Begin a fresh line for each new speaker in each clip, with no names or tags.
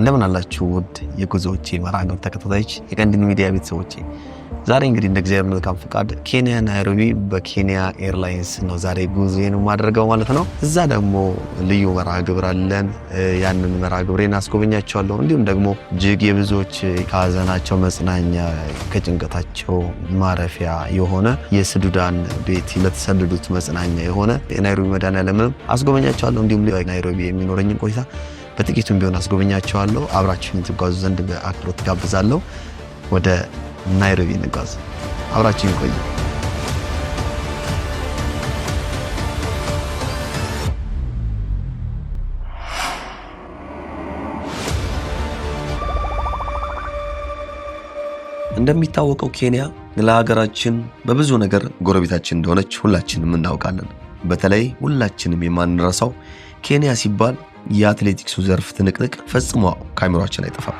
እንደምን አላችሁ ውድ የጉዞዎቼ መርሃ ግብር ተከታታዮች፣ የቀንዲል ሚዲያ ቤተሰቦቼ፣ ዛሬ እንግዲህ እንደ እግዚአብሔር መልካም ፍቃድ ኬንያ ናይሮቢ በኬንያ ኤርላይንስ ነው ዛሬ ጉዞዬን የማደርገው ማለት ነው። እዛ ደግሞ ልዩ መርሃ ግብር አለን። ያንን መርሃ ግብሬን አስጎበኛቸዋለሁ። እንዲሁም ደግሞ እጅግ የብዙዎች ከሀዘናቸው መጽናኛ ከጭንቀታቸው ማረፊያ የሆነ የስዱዳን ቤት ለተሰደዱት መጽናኛ የሆነ የናይሮቢ መድኃኔዓለምንም አስጎበኛቸዋለሁ። እንዲሁም ናይሮቢ የሚኖረኝን ቆይታ በጥቂቱም ቢሆን አስጎበኛቸዋለሁ። አብራችሁን ትጓዙ ዘንድ በአክብሮት ጋብዛለሁ። ወደ ናይሮቢ እንጓዝ፣ አብራችሁን ቆዩ። እንደሚታወቀው ኬንያ ለሀገራችን በብዙ ነገር ጎረቤታችን እንደሆነች ሁላችንም እናውቃለን። በተለይ ሁላችንም የማንረሳው ኬንያ ሲባል የአትሌቲክሱ ዘርፍ ትንቅንቅ ፈጽሞ ካሜሯችን አይጠፋም።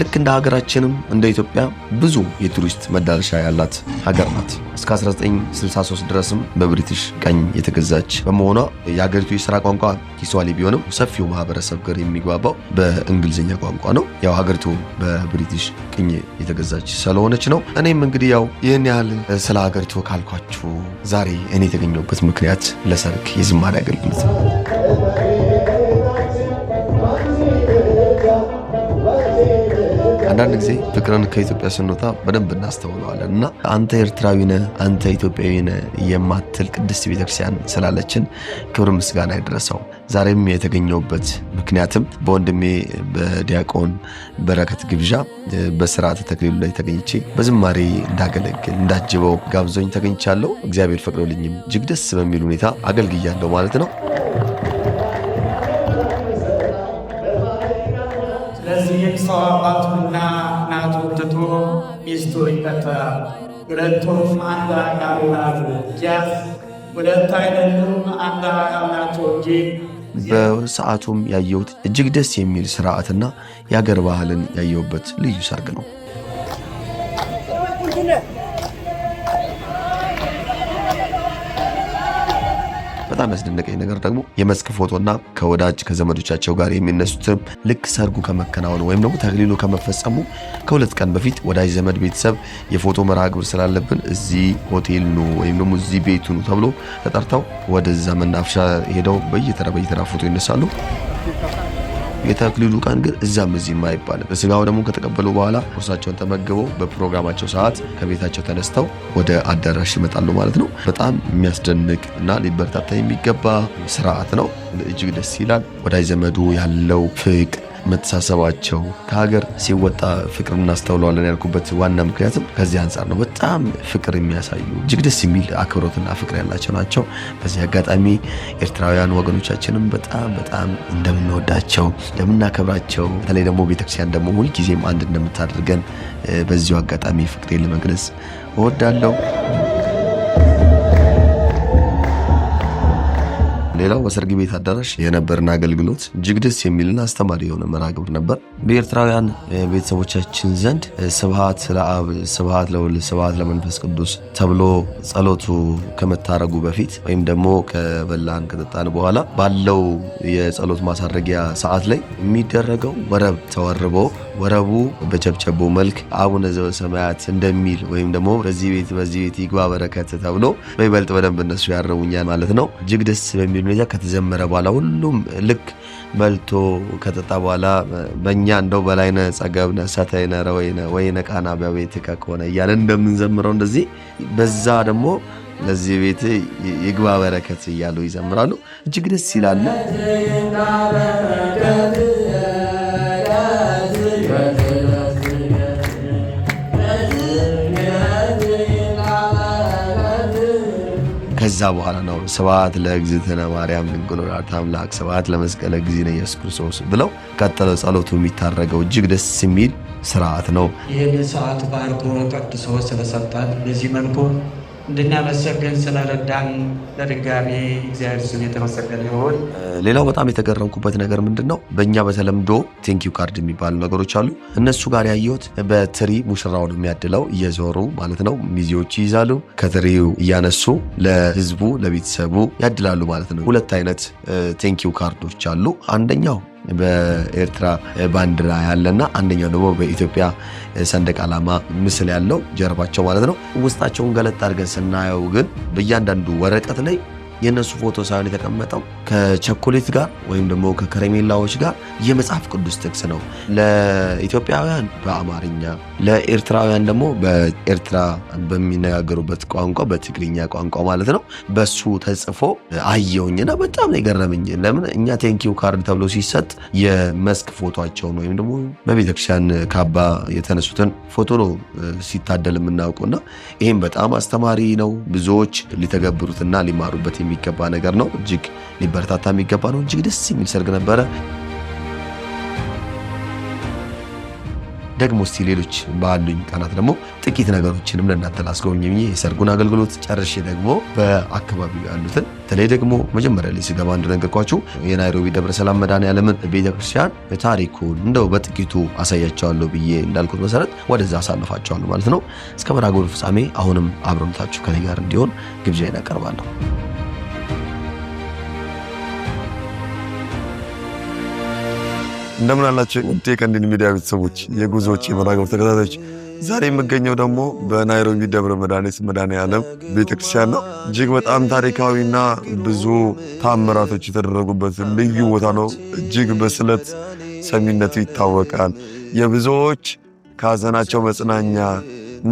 ልክ እንደ ሀገራችንም እንደ ኢትዮጵያ ብዙ የቱሪስት መዳረሻ ያላት ሀገር ናት። እስከ 1963 ድረስም በብሪቲሽ ቀኝ የተገዛች በመሆኗ የሀገሪቱ የስራ ቋንቋ ኪስዋሂሊ ቢሆንም ሰፊው ማህበረሰብ ጋር የሚግባባው በእንግሊዝኛ ቋንቋ ነው። ያው ሀገሪቱ በብሪቲሽ ቅኝ የተገዛች ስለሆነች ነው። እኔም እንግዲህ ያው ይህን ያህል ስለ ሀገሪቱ ካልኳችሁ ዛሬ እኔ የተገኘሁበት ምክንያት ለሰርግ የዝማሬ አገልግሎት ነው። አንዳንድ ጊዜ ፍቅርን ከኢትዮጵያ ስንወጣ በደንብ እናስተውለዋለን እና አንተ ኤርትራዊ ነህ፣ አንተ ኢትዮጵያዊ ነህ የማትል ቅድስት ቤተክርስቲያን ስላለችን ክብር ምስጋና ይድረሰው። ዛሬም የተገኘውበት ምክንያትም በወንድሜ በዲያቆን በረከት ግብዣ በስርዓተ ተክሊሉ ላይ ተገኝቼ በዝማሬ እንዳገለግል እንዳጅበው ጋብዞኝ ተገኝቻለሁ። እግዚአብሔር ፈቅዶልኝም እጅግ ደስ በሚል ሁኔታ አገልግያለሁ ማለት ነው። ሰው አባቱንና እናቱን ትቶ ሚስቱን ይከተላል። ሁለቱም አንድ አካል ናቸው እንጂ ሁለት አይደሉም፣ አንድ አካል ናቸው እንጂ። በሰዓቱም ያየሁት እጅግ ደስ የሚል ስርዓትና የአገር ባህልን ያየሁበት ልዩ ሰርግ ነው። በጣም ያስደነቀኝ ነገር ደግሞ የመስክ ፎቶና ከወዳጅ ከዘመዶቻቸው ጋር የሚነሱትም ልክ ሰርጉ ከመከናወኑ ወይም ደግሞ ተክሊሉ ከመፈጸሙ ከሁለት ቀን በፊት ወዳጅ ዘመድ ቤተሰብ የፎቶ መርሃ ግብር ስላለብን እዚህ ሆቴል ኑ ወይም ደግሞ እዚህ ቤቱ ኑ ተብሎ ተጠርተው ወደዛ መናፈሻ ሄደው በየተራ በየተራ ፎቶ ይነሳሉ። የተክሊሉ ቀን ግን እዛም እዚህም አይባልም። ስጋው ደግሞ ከተቀበሉ በኋላ ቁርሳቸውን ተመግበው በፕሮግራማቸው ሰዓት ከቤታቸው ተነስተው ወደ አዳራሽ ይመጣሉ ማለት ነው። በጣም የሚያስደንቅ እና ሊበረታታ የሚገባ ስርዓት ነው። እጅግ ደስ ይላል። ወዳጅ ዘመዱ ያለው ፍቅ መተሳሰባቸው ከሀገር ሲወጣ ፍቅር እናስተውለዋለን ያልኩበት ዋና ምክንያትም ከዚህ አንጻር ነው። በጣም ፍቅር የሚያሳዩ እጅግ ደስ የሚል አክብሮትና ፍቅር ያላቸው ናቸው። በዚህ አጋጣሚ ኤርትራውያን ወገኖቻችንም በጣም በጣም እንደምንወዳቸው እንደምናከብራቸው፣ በተለይ ደግሞ ቤተክርስቲያን ደግሞ ሁልጊዜም አንድ እንደምታደርገን በዚሁ አጋጣሚ ፍቅሬን ለመግለጽ እወዳለሁ። ሌላው በሰርግ ቤት አዳራሽ የነበርን አገልግሎት እጅግ ደስ የሚልና አስተማሪ የሆነ መራግብር ነበር። በኤርትራውያን ቤተሰቦቻችን ዘንድ ስብሐት ለአብ፣ ስብሐት ለወልድ፣ ስብሐት ለመንፈስ ቅዱስ ተብሎ ጸሎቱ ከመታረጉ በፊት ወይም ደግሞ ከበላን ከጠጣን በኋላ ባለው የጸሎት ማሳረጊያ ሰዓት ላይ የሚደረገው ወረብ ተወርቦ ወረቡ በጨብጨቦ መልክ አቡነ ዘበሰማያት እንደሚል ወይም ደግሞ በዚህ ቤት በዚህ ቤት ይግባ በረከት ተብሎ በይበልጥ በደንብ እነሱ ያረቡኛል ማለት ነው። እጅግ ደስ በሚል ሁኔታ ከተዘመረ በኋላ ሁሉም ልክ በልቶ ከጠጣ በኋላ በእኛ እንደው በላይነ ጸገብነ ሰተይነ ረወይነ ወይነ ቃና በቤትከ ከሆነ እያለን እንደምንዘምረው እንደዚህ በዛ ደግሞ ለዚህ ቤት ይግባ በረከት እያሉ ይዘምራሉ። እጅግ ደስ ይላሉ። ከዛ በኋላ ነው ስብሐት ለእግዝእትነ ማርያም ድንግል ወላዲተ አምላክ ስብሐት ለመስቀለ ነው ኢየሱስ ክርስቶስ ብለው ቀጠለ ጸሎቱ የሚታረገው እጅግ ደስ የሚል ስርዓት ነው።
ይህን ሰዓት ባርኮ ቀድሶ ስለሰጣን በዚህ መልኩ እንድናመሰግን ስለረዳን ለድጋሚ እግዚአብሔር ስም የተመሰገነ ይሁን።
ሌላው በጣም የተገረምኩበት ነገር ምንድን ነው፣ በእኛ በተለምዶ ቴንኪዩ ካርድ የሚባሉ ነገሮች አሉ። እነሱ ጋር ያየሁት በትሪ ሙሽራውን የሚያድለው እየዞሩ ማለት ነው ሚዜዎች ይይዛሉ፣ ከትሪው እያነሱ ለህዝቡ ለቤተሰቡ ያድላሉ ማለት ነው። ሁለት አይነት ቴንኪዩ ካርዶች አሉ። አንደኛው በኤርትራ ባንዲራ ያለና አንደኛው ደግሞ በኢትዮጵያ ሰንደቅ ዓላማ ምስል ያለው ጀርባቸው ማለት ነው። ውስጣቸውን ገለጥ አድርገን ስናየው ግን በእያንዳንዱ ወረቀት ላይ የእነሱ ፎቶ ሳይሆን የተቀመጠው ከቸኮሌት ጋር ወይም ደግሞ ከከረሜላዎች ጋር የመጽሐፍ ቅዱስ ጥቅስ ነው። ለኢትዮጵያውያን በአማርኛ ለኤርትራውያን ደግሞ በኤርትራ በሚነጋገሩበት ቋንቋ በትግርኛ ቋንቋ ማለት ነው። በሱ ተጽፎ አየውኝና በጣም ነው የገረመኝ። ለምን እኛ ቴንኪው ካርድ ተብሎ ሲሰጥ የመስክ ፎቶቸውን ወይም ደግሞ በቤተክርስቲያን ካባ የተነሱትን ፎቶ ነው ሲታደል የምናውቀውና ይህም በጣም አስተማሪ ነው። ብዙዎች ሊተገብሩትና ሊማሩበት የሚገባ ነገር ነው። እጅግ ሊበረታታ የሚገባ ነው። እጅግ ደስ የሚል ሰርግ ነበረ። ደግሞ እስቲ ሌሎች ባሉኝ ቀናት ደግሞ ጥቂት ነገሮችንም ለእናንተ ላስጎብኝ ብዬ የሰርጉን አገልግሎት ጨርሼ ደግሞ በአካባቢው ያሉትን በተለይ ደግሞ መጀመሪያ ላይ ስገባ እንደነገርኳችሁ የናይሮቢ ደብረ ሰላም መድኃኔዓለምን ቤተክርስቲያን በታሪኩን እንደው በጥቂቱ አሳያቸዋለሁ ብዬ እንዳልኩት መሰረት ወደዛ አሳልፋቸዋለሁ ማለት ነው። እስከ መርሃ ግብሩ ፍጻሜ አሁንም አብሮነታችሁ ከኔ ጋር እንዲሆን ግብዣዬን አቀርባለሁ። እንደምን አላችሁ ውድ የቀንዲል ሚዲያ ቤተሰቦች፣ የጉዞዎች የመራገብ ተከታታዮች፣ ዛሬ የምገኘው ደግሞ በናይሮቢ ደብረ መድኃኒት መድኃኔዓለም ቤተክርስቲያን ነው። እጅግ በጣም ታሪካዊና ብዙ ታምራቶች የተደረጉበት ልዩ ቦታ ነው። እጅግ በስለት ሰሚነቱ ይታወቃል። የብዙዎች ከሀዘናቸው መጽናኛ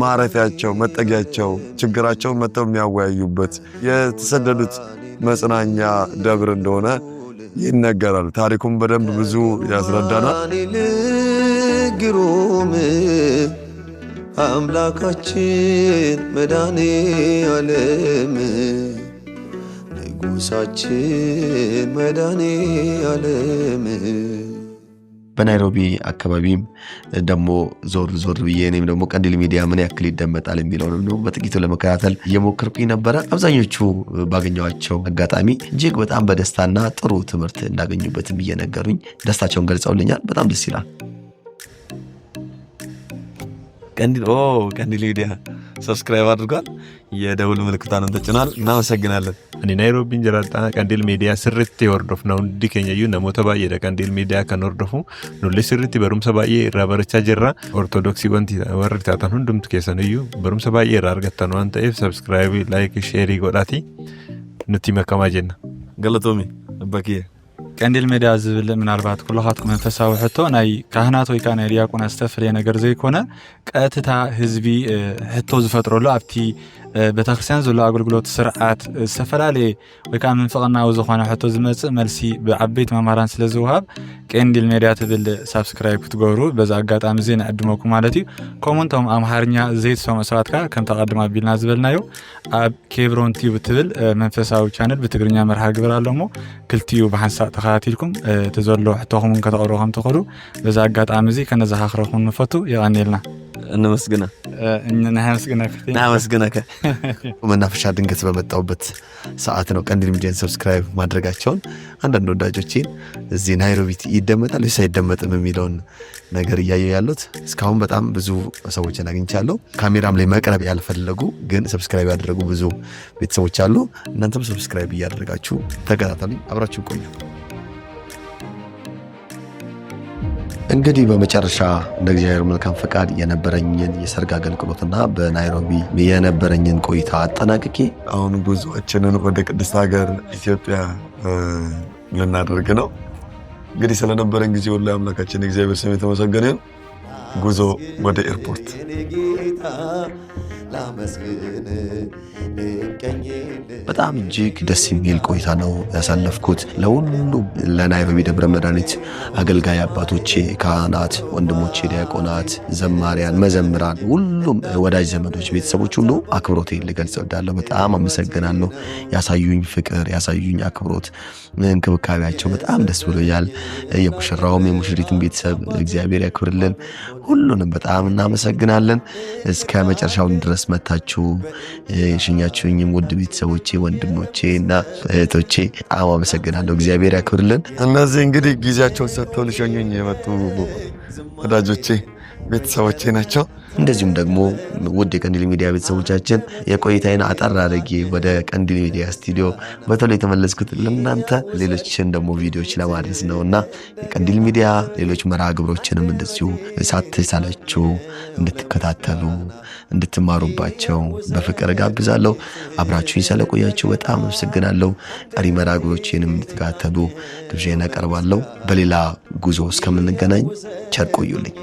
ማረፊያቸው፣ መጠጊያቸው፣ ችግራቸውን መጥተው የሚያወያዩበት የተሰደዱት መጽናኛ ደብር እንደሆነ ይነገራል። ታሪኩም በደንብ ብዙ ያስረዳናል። ግሩም አምላካችን መድኃኔ ዓለም ንጉሳችን መድኃኔ ዓለም በናይሮቢ አካባቢም ደግሞ ዞር ዞር ብዬ እኔም ደግሞ ቀንዲል ሚዲያ ምን ያክል ይደመጣል የሚለውን ደግሞ በጥቂቱ ለመከታተል እየሞከርኩኝ ነበረ። አብዛኞቹ ባገኘዋቸው አጋጣሚ እጅግ በጣም በደስታና ጥሩ ትምህርት እንዳገኙበትም እየነገሩኝ ደስታቸውን ገልጸውልኛል። በጣም ደስ ይላል። ቀንዲል ኦ ሰብስክራይብ አድርጓል። የደውል ምልክቷንም ተጭኗል። እናመሰግናለን። እኔ ናይሮቢ እንጀራጣ ቀንዲል ሚዲያ ስርት ወርዶፍ ነው እንዲ ከኛዩ ነሞተ ባየ ደ ቀንዲል ሚዲያ ከኖርዶፉ ኑሌ ስርት በሩምሰ ባየ ራ ጀራ ኦርቶዶክሲ ወንቲ ወር ታታን ሁንዱም ትከሰነዩ በሩምሰ ባየ ራ ዋንተ ኤፍ ሰብስክራይብ ላይክ ሼሪ ጎዳቲ ንቲ መከማጀና ገለቶሚ በኪየ ቀንዲል ሜዳ ዝብል ምናልባት ኩላኻትኩም መንፈሳዊ ሕቶ ናይ ካህናት ወይ ከዓ ናይ ዲያቆና ዝተፈለየ ነገር ዘይኮነ ቀጥታ ህዝቢ ሕቶ ዝፈጥረሉ ኣብቲ ቤተክርስትያን ዘሎ ኣገልግሎት ስርዓት ዝተፈላለየ ወይከዓ ምንፍቕናዊ ዝኾነ ሕቶ ዝመፅእ መልሲ ብዓበይቲ መምሃራን ስለ ዝውሃብ ቀንዲል ሜድያ ትብል ሳብስክራይብ ክትገብሩ በዛ ኣጋጣሚ እዚ ንዕድመኩም ማለት እዩ ከምኡ ንቶም ኣምሃርኛ ዘይተሰምዑ ሰባት ከዓ ከም ተቐድማ ኣቢልና ዝበልናዮ ኣብ ኬብሮን ቲዩብ ትብል መንፈሳዊ ቻነል ብትግርኛ መርሃ ግብር ኣሎሞ ክልቲዩ ብሓንሳእ ተኻ ተከታቲልኩም እቲ ዘሎ ሕቶኹምን ከተቕርቡ ከም ትኽእሉ በዚ ኣጋጣሚ እዚ ከነዘኻኽረኹም ንፈቱ ይቐኒልና እነመስግና ናመስግናከ መናፈሻ ድንገት በመጣውበት ሰዓት ነው ቀንዲል ሚዲያን ሰብስክራይብ ማድረጋቸውን አንዳንድ ወዳጆችን እዚህ ናይሮቢት ይደመጣል ወይስ አይደመጥም የሚለውን ነገር እያየ ያሉት እስካሁን በጣም ብዙ ሰዎችን አግኝቻለሁ። ካሜራም ላይ መቅረብ ያልፈለጉ ግን ሰብስክራይብ ያደረጉ ብዙ ቤተሰቦች አሉ። እናንተም ሰብስክራይብ እያደረጋችሁ ተከታተሉ፣ አብራችሁ ቆዩ። እንግዲህ በመጨረሻ እንደ እግዚአብሔር መልካም ፈቃድ የነበረኝን የሰርግ አገልግሎትና በናይሮቢ የነበረኝን ቆይታ አጠናቅቄ አሁን ጉዞችንን ወደ ቅድስት ሀገር ኢትዮጵያ ልናደርግ ነው። እንግዲህ ስለነበረን ጊዜ ሁሉ አምላካችን እግዚአብሔር ስም የተመሰገነ። ጉዞ ወደ ኤርፖርት በጣም እጅግ ደስ የሚል ቆይታ ነው ያሳለፍኩት። ለሁሉም ለናይሮቢ ደብረ መድኃኒት አገልጋይ አባቶቼ፣ ካህናት፣ ወንድሞቼ፣ ዲያቆናት፣ ዘማሪያን፣ መዘምራን፣ ሁሉም ወዳጅ ዘመዶች፣ ቤተሰቦች ሁሉ አክብሮቴ ልገልጽ እወዳለሁ። በጣም አመሰግናለሁ። ያሳዩኝ ፍቅር፣ ያሳዩኝ አክብሮት፣ እንክብካቤያቸው በጣም ደስ ብሎኛል። የሙሽራውም የሙሽሪትን ቤተሰብ እግዚአብሔር ያክብርልን። ሁሉንም በጣም እናመሰግናለን። እስከ መጨረሻው ድረስ ድረስ መታችሁ የሸኛችሁኝም ውድ ቤተሰቦቼ፣ ወንድሞቼ እና እህቶቼ አሁ አመሰግናለሁ። እግዚአብሔር ያክብርልን። እነዚህ እንግዲህ ጊዜያቸውን ሰጥተው ልሸኙኝ የመጡ ወዳጆቼ ቤተሰቦቼ ናቸው። እንደዚሁም ደግሞ ውድ የቀንዲል ሚዲያ ቤተሰቦቻችን የቆይታዬን አጠር አድርጌ ወደ ቀንዲል ሚዲያ ስቱዲዮ በቶሎ የተመለስኩት ለእናንተ ሌሎችን ደግሞ ቪዲዮዎች ለማድረስ ነው እና የቀንዲል ሚዲያ ሌሎች መርሃ ግብሮችንም እንደዚሁ ሳትሳላችሁ እንድትከታተሉ እንድትማሩባቸው በፍቅር ጋብዛለሁ። አብራችሁኝ ስለቆያችሁ በጣም አመሰግናለሁ። ቀሪ መርሃ ግብሮችንም እንድትከታተሉ ግብዣዬን አቀርባለሁ። በሌላ ጉዞ እስከምንገናኝ ቸር ቆዩልኝ።